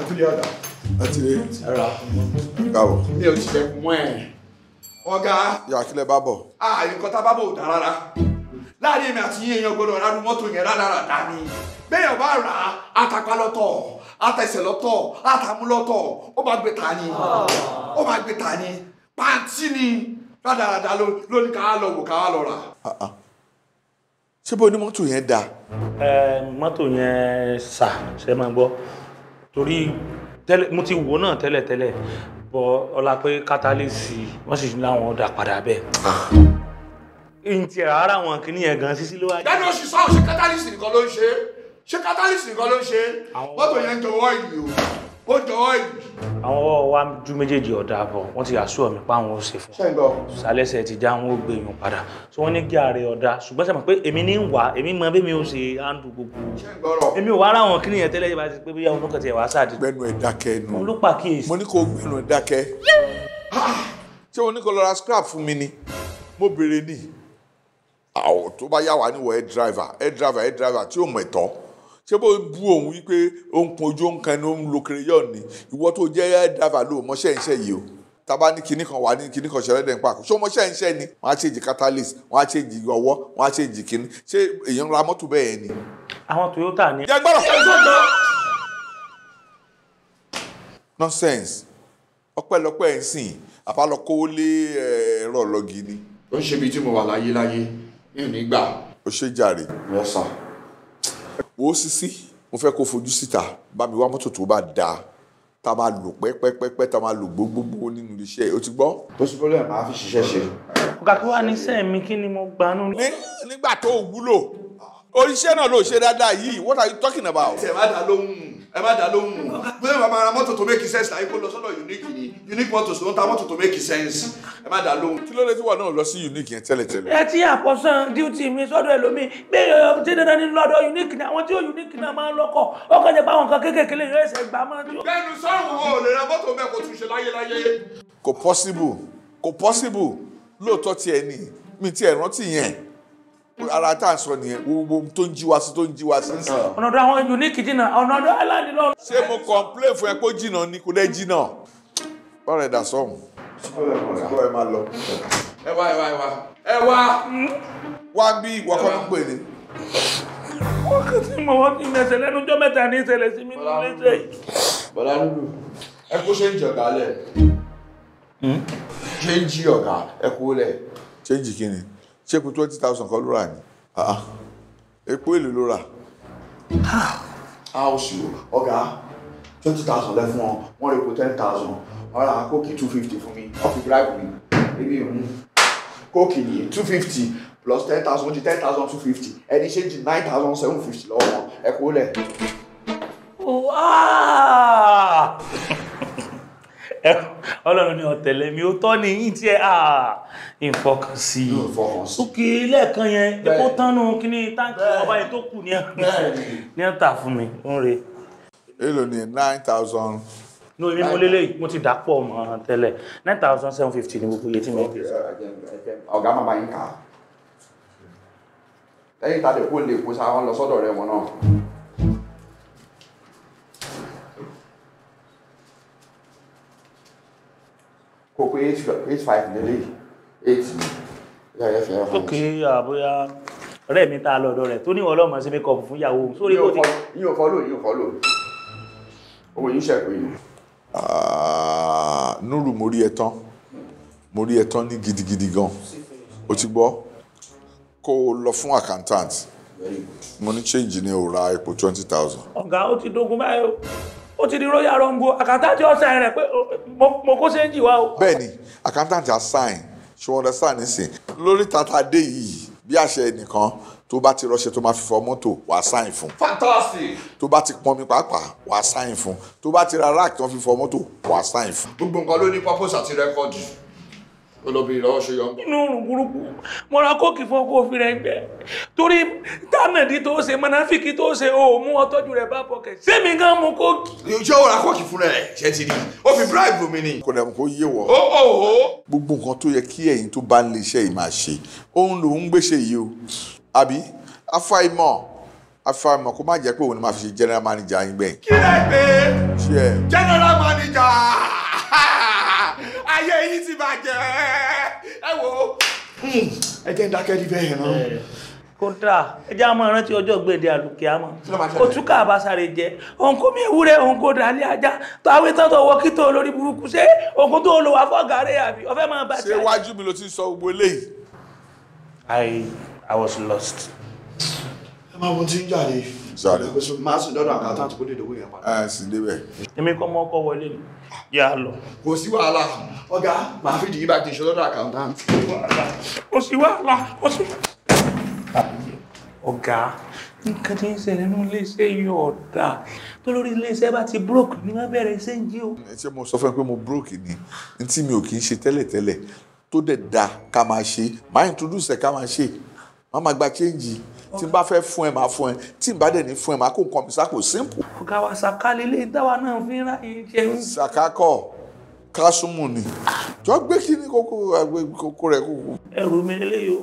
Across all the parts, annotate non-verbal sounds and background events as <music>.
àtúndì ọ̀dà. àti rè ẹ̀rọ báwo. mi ò ti fẹ́ mọ́ ẹ̀ ọ̀gá. yà kílẹ̀ bá bọ̀. a nǹkan tá a bá bọ̀ ò dá rárá láàrin èmi àti yíyan gbọdọ̀ rárú mọ́tò yẹn rárá dání bẹ́ẹ̀ ọba rà á atapa lọ́tọ̀ atẹsẹ̀ lọ́tọ̀ atamu lọ́tọ̀ ó máa gbé ta ni ó máa gbé ta ni pàǹtí ni rádaràda ló ní ká lọ wò ká lọ rà. Ah, ah. ṣé bó ní mọ́tò yẹn dáa. mọ́tò yẹn ṣà ṣe máa gbọ́ torí mo ti wò náà tẹ́lẹ̀tẹ́lẹ̀ bọ ọlá pé catalyst wọ́n sì láwọn ọ̀dà padà bẹ́ẹ̀. ǹtí ah. rárá àwọn kìíní yẹn gan sísí ló wá. lẹ́nu oṣù sọ́ọ̀ ṣe catalyst nìkan ló ń ṣe ṣe catalyst nìkan ló ń ṣe mọ́tò yẹn ń ìlú ó jọ̀wọ́ yìí. àwọn wa ju méjèèjì ọ̀dà bọ̀ wọ́n ti àṣù mi pa àwọn òsè fún. ṣẹ́ńgọ. sálẹ́sẹ̀ ti já wọn ó gbé yun padà tí wọ́n ní kí ààrẹ ọ̀dà ṣùgbọ́n sẹ́mi pé èmi ní wà èmi mọ bí mi ò ṣe àǹdù gbogbo. ṣẹ́ńgọ rọ. èmi ò wá ara wọn kíni yẹn tẹ́lẹ̀ yẹn bá ti pé bí ọdún kan ti wàá sáà di. gbẹnu ẹ dákẹ́ nu. mo ló pàkíyèsí. mo ní kó gbẹnu ẹ dákẹ́. ṣé o ní kó lọ ra scrap fún mi ni mo béèrè ni. àwọn tó bá yà wá ní wọ air driver air driver air driver tí ò mọ̀ ẹ̀tọ́ ṣé bó bu òun wípé ó ń pọnjú ó ń kan ní ó ń lo crayon ni ìwọ tó jẹ́ dáfà ló mọ́ṣẹ́ ìṣe yìí o taba ní kinní kan wà ní kinní kan ṣẹlẹ̀ dẹ̀ ń pàkó ṣé o mọ́ṣẹ́ ìṣe ni wọ́n á ṣe èjì catalyst wọ́n á ṣe èjì ọwọ́ wọ́n á ṣe èjì kinní ṣé èèyàn ra mọ́tò bẹ́ẹ̀ ni. àwọn Toyota ni. jẹ́ gbọ́dọ̀. nonsense ọpẹ́lọpẹ́ ń sìn àbálọkọ lé eh, ẹ̀rọ ọlọ́gì ni. ó ń ṣe bíi tí mo wà láyé láyé mi ò ní gbà. ó ṣe jàre. wọ́n sà wo sisi mo fẹ́ kó fojú síta bá mi wá mọ́tò tó bá dáa tá a máa lò pẹ́pẹ́pẹ́pẹ́ tá a máa lò gbogbogbò nínú iṣẹ́ o ti gbọ́. bó ṣe bọ́lá ẹ̀ máa fi ṣiṣẹ́ ṣe. ọ̀gá kí wàá ní sẹ́ẹ̀ mi kí ni mo gbà nù. nígbà tó wúlò oríṣẹ́ náà ló ṣe dáadáa yìí what are you talking about. ṣe má dá lóhùn ẹ má dá lóhùn bóyá bàbá ara mọ́tò tó make sense láyé kó lọ sọ́dọ̀ unique ni unique motors ló ń ta mọ́tò tó make sense ẹ má dá lóhùn. kí ló dé tí wà náà lọ sí unique yẹn tẹ́lẹ̀tẹ́lẹ̀. ẹ ti àkọsán duty mi sọ́dọ̀ ẹlòmíì bí èèyàn ti dandan ní lọ́dọ̀ unique náà àwọn tí ó unique náà máa ń lọ́kọ̀ ó kàn jẹ́ pé àwọn kan kéékèèké lè yọ ẹsẹ̀ gbà máa jó. bẹ́ẹ̀ni sọ́run o lè ra mọ́tò mẹ́ kò túnṣe láyé láyé. kò possible kò possible lóòótọ́ tiẹ̀ ni mi tiẹ̀ rántí yẹn ara tá a ń sọ nìyẹn gbogbo tó ń jí wa sí tó ń jí wa sí. ọ̀nà ọ̀dọ̀ àwọn unique jìnnà ọ̀nà ọ̀dọ̀ aláàdì lọ. ṣé mo complain fún ẹ kó jìnnà ni kò dé jìnnà. ọ̀rẹ́ dà sọ̀hún. ṣùgbọ́n ẹ máa lọ. ẹ wá ẹ wá ẹ wá ẹ wá. wá bí ìwọ kọ́ ló ń pè ní. wọ́n kàn sí mọ̀ wọ́n ti mẹ̀sẹ̀ lẹ́nu ọjọ́ mẹ́ta ní ìṣẹ̀lẹ̀ sí mi ní ilé ṣe ń hmm? ń jí ẹ ṣé epo twenty thousand kọ́ ló rà ni ah, epo èlò ló rà. a ó sì o twenty thousand lẹ fún ọ wọ́n rẹ̀ po ten thousand ọ̀rá kóòkì two fifty fún mi ọ̀fi bribe mi ebi ìmú kóòkì ní two fifty plus ten thousand di ten thousand two fifty ẹni ṣe di nine thousand seven fifty lọ́wọ́ wọn ẹ kó lẹ̀. <laughs> ọlọ́run ni ọ̀tẹ̀lẹ̀ mi ò tọ́ ni yín tiẹ̀ ìfọkàn sí i òkè lẹ́ẹ̀kan yẹn epo tánú kí ní táǹkì ọba yìí tó kù ní ẹ̀ta fún mi ń re. èlò ni nine thousand. ní orí mo lélẹ̀ mo ti dàpọ̀ mọ́ tẹ́lẹ̀ nine thousand seven fifty ni gbogbo iye tí mo ń pè. ọ̀gá màmá yín kà á lẹ́yìn tàbí kó lè kó sáwọn lọ sọ́dọ̀ rẹ̀ wọn náà. kò pé eight five nílé yìí. 8 ok àbúyá ọ̀rẹ́ mi ta lọ́dọ̀ rẹ̀ tó níwọ̀n lọ́mọ sí makeup fún ìyàwó sórí kò tí yíò fọ́lò yíò fọ́lò owó yíò ṣẹ̀kù yìí ah, núrù mo rí ẹtán mo rí ẹtán ní gidigidi gan o ti gbọ́ kó o lọ fún accountant mo ní change ní o ra epo twenty thousand. ọ̀gá ó ti dogun báyìí ó ti di royal rumble accountant ọ̀sán rẹ̀ pé oh, mo kó ṣéǹjì wá o. bẹ́ẹ̀ni accountant á sign ṣé wọn understand nísìn lórí tata dé yìí bí àṣẹ ẹnìkan tó bá ti rọṣẹ tó máa fi fọ mọ́tò wàá sáìn fún. fantastic. tó bá ti pọnmi pàápàá wàá sáìn fún tó bá ti ra rack tó fi fọ mọ́tò wàá sáìn fún. gbogbo nǹkan ló ní purpose àti rẹ́kọ̀dì olóbìnrin lọ́wọ́ ṣe yọ. inú òrùn burúkú mo ra kóòkì fún ọkọ òfin rẹ gbẹ torí tánàdí tó ṣe mọnàfíkì tó ṣe o mú ọtọjú rẹ bá pọkẹ sẹmi gan mu kóòkì. ìjọ ò ra kóòkì fún rẹ ṣe ti rí ó fi bribe mi ni. kò dàbí kó yé wọ. gbogbo nǹkan tó yẹ kí ẹ̀yin tó bá ń lè iṣẹ́ yìí máa òun lòún gbéṣe yìí o àbí afáìmọ̀ afáàmọ kó má jẹ pé òun ni máa fi ṣe general manager yín gbẹ̀yìn. kí lẹ pé general manager ayé yín ti bàjẹ́ ẹ wò ó hmm, ẹ jẹ́ ń dákẹ́ níbẹ̀ yẹn náà eh. kódà ẹjẹ́ a máa rántí ọjọ́ gbèdé àlùkè àmọ́ òtúkà àbásáré jẹ́ òǹkó ìwúrẹ́ òǹkó dàlí ajá tó awé tán tó wọ kí tó lórí burúkú ṣé òǹkó tó lò wá fọ́gàrẹ́ àbí ọ̀fẹ́ máa bá ṣé wájú mi ló ti sọ gbogbo eléyìí. I I was lost. ẹ máa mú tí ń jáde sáré máa sùn lọ́dọ̀ àwọn àtàntì kó lè dówó yẹn padà. ẹ ah, sì débẹ̀. èmi kọ́ mọ́ ọkọ̀ wọlé ni yà á lọ. kò sí wàhálà ọ̀gá màá fi dìgbà tèṣe lọ́dọ̀ àkàntàntì. kò sí wàhálà kò sí. ọ̀gá nǹkan tí ń ṣẹlẹ̀ nínú iléeṣẹ́ yìí ọ̀dà tó lórí iléeṣẹ́ bá ti broke ni wọ́n bẹ̀rẹ̀ iṣẹ́ ń jí o. ṣé mo sọ fún ẹ pé mo broke ni n tí mi ò kì í ṣe tẹ́lẹ̀tẹ́lẹ̀ tó dẹ̀ da ká máa ṣe máa introduce ẹ̀ ká máa ṣe wọ́n máa gba change tí n bá fẹ́ fún ẹ máa fún ẹ tí n bá dẹ̀ ní fún ẹ máa kó nǹkan mi sápò simple. ọ̀gá wa ṣàká lélẹ̀ dáwà náà fi ń ráyè jẹun. ṣàká kọ kásùmù ni jọ gbé kí ni kókó kókó rẹ kókó. ẹrù mi lélẹ́yìí o.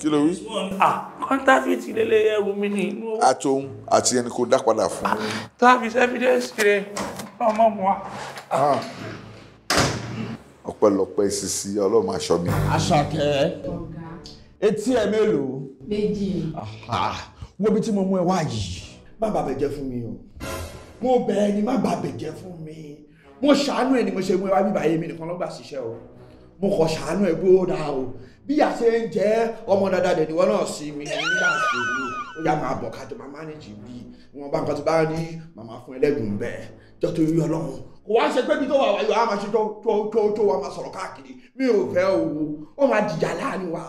kí ló wí. ah kọ́ńtàfìtì lélẹ̀ ẹrù mi ni. àtòun àti ẹni kò dá padà fún. táàbì sẹ́fídẹ́sì rẹ ọmọ mu wa ah. ọpẹ́lọpẹ́ ìsinsin Ọlọ́run aṣọ mi. Àṣàkẹ́ etí ẹ mélòó méjì. Ah, ah, wo bí tí mo mú ẹ wá yìí má bàbẹ̀ jẹ́ fún mi o mo bẹ̀ ẹ́ ni má bàbẹ̀ jẹ́ fún mi mo ṣàánú ẹ ni mo ṣe mú ẹ wá bíbá yé mi nìkan lọ́gbà ṣiṣẹ́ o mo kọ̀ ṣàánú ẹ gbó dáa o bí a ṣe ń jẹ́ ọmọ dáadáa dẹ̀ níwọ́n náà sí mi nígbà ìṣòro ó yá máa bọ̀ kájọ máa mánéjì bí wọn bá nǹkan tó bá rí màmá fún ẹlẹ́gùn bẹ́ẹ̀ jọ tó yọ lọ́hùn kò wá ṣe pé bí tó wà wáyọ á máa ṣe tó tó tó wà máa sọ̀rọ̀ káàkiri mi ò fẹ́ o ó máa dìjà láàrin wa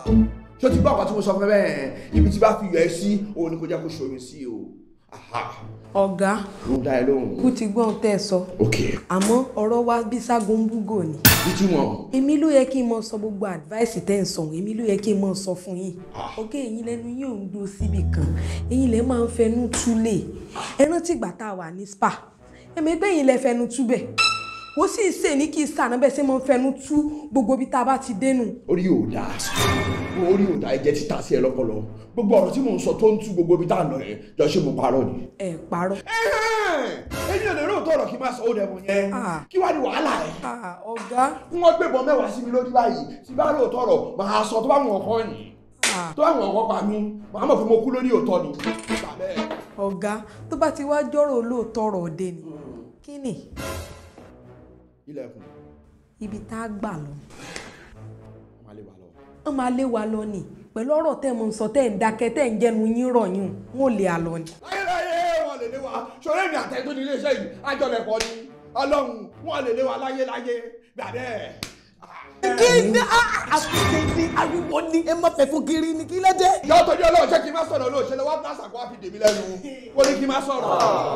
ṣé o ti gbọ́ ọ̀kan tí mo sọ fún ẹ ibi tí bá fi yọ ẹ sí òun ni kò jẹ́ kó ṣòyìn sí o. ọ̀gá kú ti gbọ́ ohun tẹ́ ẹ sọ àmọ́ ọ̀rọ̀ wa bí ságúnbúgò ni. ìtumọ̀. èmi ló yẹ kí n mọ sọ gbogbo advice tẹ́ ń sọ èmi ló yẹ kí n mọ sọ fún yín. ọ̀gá ah. ẹ̀yin lẹ́nu yín ò ń do síbì kan ẹ̀yin lẹ́ máa ń fẹnu túlẹ̀ ẹ rántí ìgbà wà ní spa ẹ̀mẹ́gbẹ́yìn lẹ fẹnu túbẹ̀ ó sì ṣe ní kí sànà bẹ́ẹ̀ ṣe máa ń fẹnu tú gbogbo ibi tá a bá ti dénú. orí ò dáa orí ò dáa ẹ̀jẹ̀ títà sí ẹ lọ́pọlọ gbogbo ọ̀rọ̀ tí mò ń sọ tó ń tú gbogbo ibi tá a lọ yẹn jọ ṣe mo parọ́ ni. ẹ parọ́. èyí ò lè rí òótọ́ ọ̀rọ̀ kí n máa sọ ó dẹ̀mọ̀ yẹn ah. kí wàá ní wàhálà ẹ̀. Ah, ọ̀gá. wọ́n gbébọn mẹ́wàá sí mi lórí báyìí tí bá rí òótọ́ ọ̀rọ̀ máa sọ tó bá wọn kọ́ ni ah. tó bá wọn kọ́ pa mí màá mọ̀ fún mo kú lórí òótọ́ ni. ọ̀gá tó bá ti wá ilẹ̀kùn. ibi tá a gbà lọ. wọ́n máa lé wa lọ. wọ́n máa lé wa lọ ni pẹ̀lú ọ̀rọ̀ tẹ́ mọ̀ ń sọ tẹ́ ń dákẹ́ tẹ́ ń jẹnu yín rọ̀yún wọ́n lé a lọ ni. láyéláyé wọn lè lé wa ṣọlẹ́ ìrìn àtẹ́tún ní iléeṣẹ́ yìí àjọlẹ̀pọ̀ ni ọlọ́run wọn lè lé wa láyé láyéláyé gbàdẹ́ẹ̀. kí ah, ah, ah, ni ẹ má fẹ́ fún kiri ni kí lẹ́ dé. ìjọ torí ọlọ́run jẹ́ kí n má sọ̀rọ̀ olóòṣè lọ́wọ́ pásà kó àfi dèmí lẹ́nu ó ní kí n má sọ̀rọ̀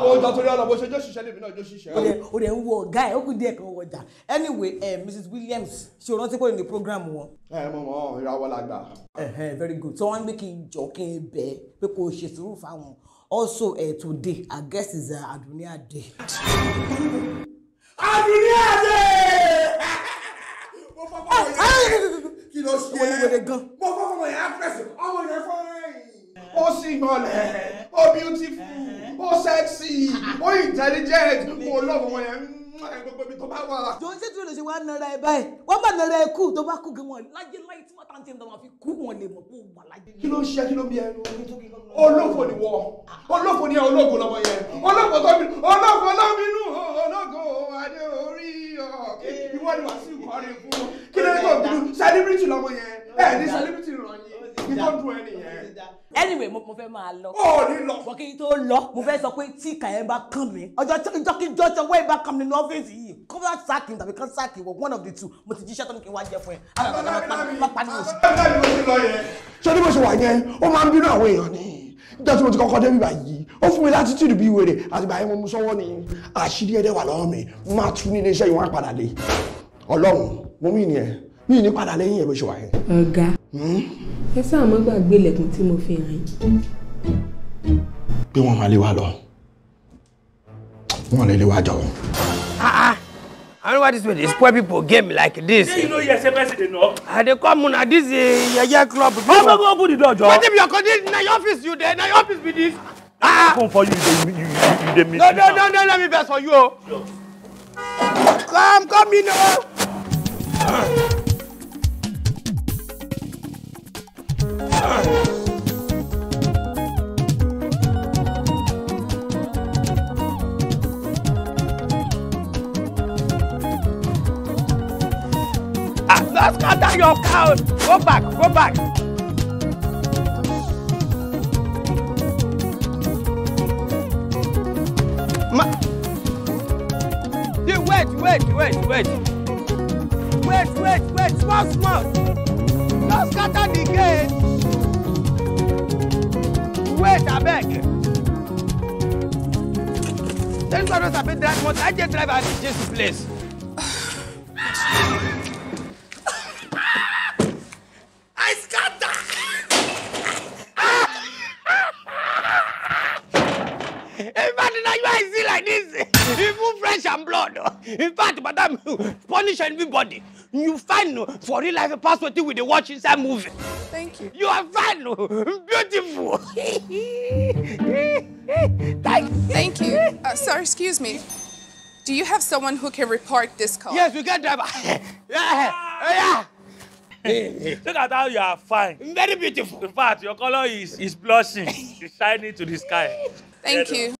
ó jọ torí ọlọ́run bó ṣe jó ṣiṣẹ́ lèmi náà jó ṣiṣẹ́. o rẹ o rẹ ń wo ọgá ẹ ó kù díẹ̀ kan wọjà anyway uh, eh, Mrs. Williams ṣe o rántí pé ní program wọn. ẹ mọ mọ ìràwọ̀ la gbà. very good so wọn ní kí n jọ kí n bẹ pé kò ṣe sùúrù fáwọn also uh, today I guess is uh, Adunia Day. Adunia Day kí ló ṣe é mo fọ́ ọmọ yẹn actress ọmọ yẹn fine ó sì beautiful Oh, sexy Oh, intelligent Oh, love ọmọ yẹn gbogbo mi tó bá wà. jọ̀wọ́n ṣé tí o lè ṣe wá nara ẹ báyìí wọ́n bá nara ẹ kú tó bá kú gan wọn lájẹ láyé tí wọ́n tàǹtì ẹ̀dá wọn fi kú wọn lè mọ̀ kó wà lájẹ. kí ló ń ṣe kí ló ń bí ẹnu olófò ni wọ ah. olófò ni ẹ ológo lọmọ yẹn olófò tó bínú olófò lọ́bínú ológo adé orí ọ̀kẹ́ ìwọ ni wàásù kọrin fún celebrity lọ́mọ yẹn ẹ ní celebrity ràn yín kó dùn ẹ nìyẹn. anyway mo fẹ́ máa lọ. ó ní lọ. wọ́n kí n tó lọ mo fẹ́ sọ pé tí ìkà yẹn bá kàn mí ọjọ́ ìjọkíjọ́ ọjọ́ wẹ́ẹ̀ bá kàn mí ní ọ́fíìsì yìí kó bá sáàkì tàbí kán sáàkì wọ one of the two mo ti jíṣẹ́ tó ní kí n wá jẹ fún ẹ. ṣé ní bó ṣe wà yẹn ó máa ń bínú àwọn èèyàn ni nígbà tí mo ti kọ́kọ́ débi báyìí ó fún mi látítìdù bíi wèrè àtìgbà yẹn mo mú sọ́wọ́ ni àṣírí ẹ̀dẹ̀ wà lọ́wọ́ mi máa tún ní iléeṣẹ́ yìí wọ́n lé ọlọ́run mo mí nìyẹn mi ní padà lẹ́yìn ẹ̀ bó ṣe wà yẹn. ọ̀gá hmm? ẹ sáà mọ́ gbàgbé ilẹ̀kùn tí mo fi hàn yín. pé wọ́n máa lé wa lọ wọ́n lè lé wa jọ. Ah, ah. I don't know why this way these poor people game like this. Then you know yes, person they know. I dey come na this uh, yeye club. How am I go open the door, Joe? Wetin be your condition? in your office you there na your office be this. Ah! Come ah. for you, you you, you, you dey miss. No, no, no, no, let me vex for you o. Come, come in o. Oh. <clears throat> Don't scatter your cow. Go back, go back. Ma you wait, wait, wait, wait. Wait, wait, wait, small, small. Don't scatter the gate. check. Tell God not to pay that much. I just drive at this place. punish everybody. You fine for real life password with the watch inside movie. Thank you. You are fine, beautiful. <laughs> Thank you. Uh, sorry, excuse me. Do you have someone who can report this call? Yes, we got driver. <laughs> yeah, yeah. Look at how you are fine. Very beautiful. In fact, your color is, is blushing. it's shining to the sky. Thank you.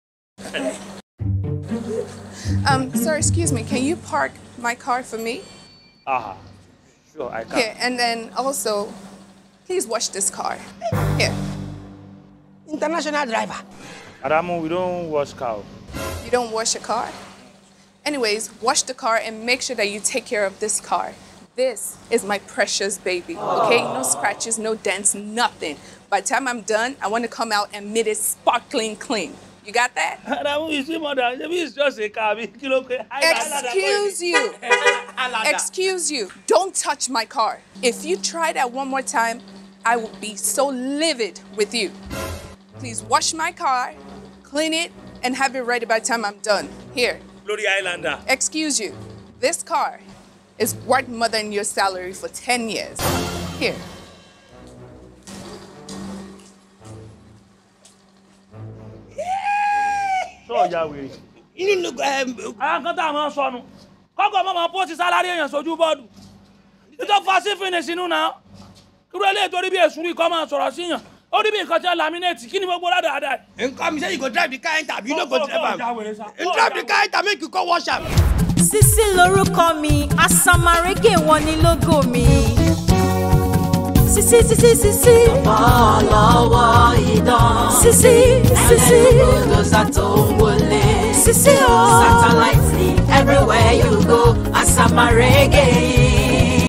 um, sir, excuse me, can you park my car for me? Ah, uh -huh. sure, I can. Here, and then also, please wash this car. Here. International driver. Adamu, we don't wash car. You don't wash a car? Anyways, wash the car and make sure that you take care of this car. This is my precious baby, okay? Aww. No scratches, no dents, nothing. By the time I'm done, I want to come out and meet it sparkling clean. You got that? Excuse you. Excuse you. Don't touch my car. If you try that one more time, I will be so livid with you. Please wash my car, clean it, and have it ready by the time I'm done. Here. Islander. Excuse you. This car is worth more than your salary for 10 years. Here. sọ ìyá wèrè. nínú àwọn kan tá a máa sọnù kọ́kọ́ mọ́ máa pósí sálárì èèyàn sójú bọ́ọ̀dù nítorí fásí fínísì inú náà kúrò eléyìí torí bí èsùn ìkọ́ máa sọ̀rọ̀ sí yàn ó rí bí nǹkan tí wọ́n laminate kí ni gbogbo rádà rádà. nǹkan mi sẹ́yìn kò drive the car ló kò drive am drive the car enter make you go wash lorúkọ mi asamarege wọn mi. si si si si si si Bàbá lọ́wọ́ idán si si si si bulldozer tó ń wọlé si si oh. satellite ni everywhere you go Asama reggae.